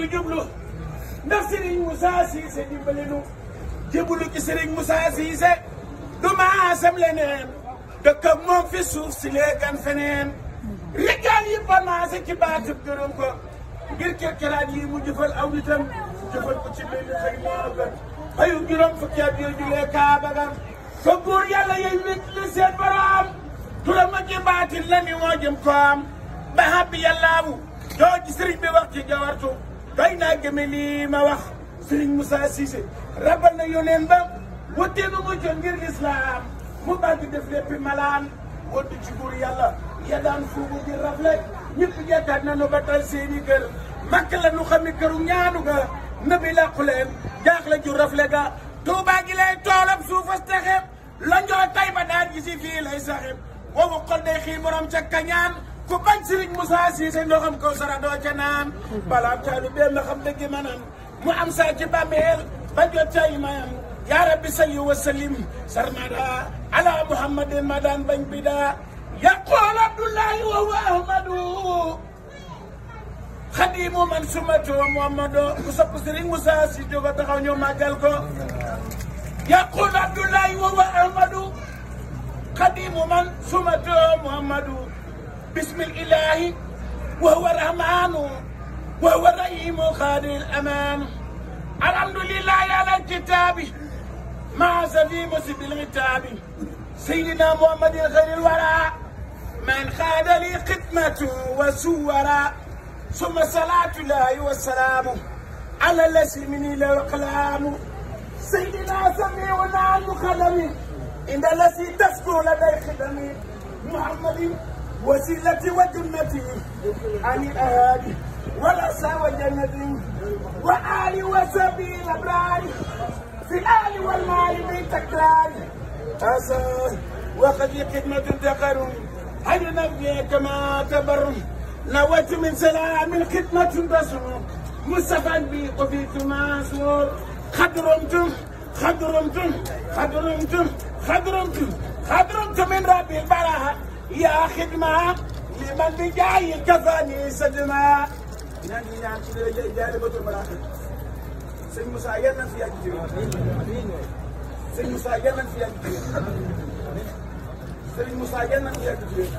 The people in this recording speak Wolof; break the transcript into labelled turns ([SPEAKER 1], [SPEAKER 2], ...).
[SPEAKER 1] ko jublu ndax Serigne Moussa Cissé dimbali nu jébbalu ci Serigne Moussa Cissé du maasam leneen dëkkam moom fi suuf si léegan feneen rikkaal yi ba maase ci baatub ko ngir kerkeraat yi mu jëfal aw nitam jëfal ko ci benn xëy moo gën juróom fukki at yoo julee kaaba ga fa góor yàlla yey wét li seen wax ci jawartu gëme lii ma wax Serigne Moussa Cissé rabal na yoneen ba wëtteenu mu jot ngir lislaam mu bàgg def léppi malaan wëdd ci buur yàlla ya daan fuubu ngir rafle ñëpp geddaat nanu ba tal seeni kër makk la nu xami këru ñaanu ga nabi làqu leen jaax la ju rafle ga tuubaa gi lay toolam suufas texeem lonjoo tay ba daan gi fii lay saxeem wowu xol day xii borom ca kañaan ku bañ Serigne Moussa Cissé ndoxam kaw sara doo ca balaa taalu bee ma xam dëgg manam mu am saa ci ba jot yi mayam yaa rabbi salli wa sallim sarmada ala muhammadin ma bañ bida yaqool abdullahi wa huwa ahmadu xadimu man sumatu wa muhammado ku sopp Serigne Moussa si jógo taxaw ñëw màggal ko yaqool abdullahi wa huwa ahmadu xadimu man sumatu wa muhammadu باسم الإله وهو الرحمن وهو الرحيم قادر الأمان الحمد لله على الكتاب مع سليم بالغتاب سيدنا محمد خير الورى من خاد لي قدمة وسورا ثم صلاة الله والسلام على الذي من إلى وقلام سيدنا سميعنا عن خدمي إن الذي تسكو لدي خدمي محمد وسيلتي وجنتي أني أهادي ولا سوى جنتي وآلي وسبيل أبراري في الآل والمال من تكراري أسى وقد خدمة دقر حين نبني كما تبر نويت من سلام خدمة بسر مصطفى بي قفيت ماسور خدرمتم خدرمتم خدرمتم خدرمتم خدرمتم من ربي البراءه yaa xidma li man bi jaayi kafaani sadma ñaan yi ñaan ci dara jaay jaay batul maraaxi sëñ Moussa yal na fi yàgg ci sëñ Moussa yal na fi yàgg ci sëñ Moussa yal na fi yàgg ci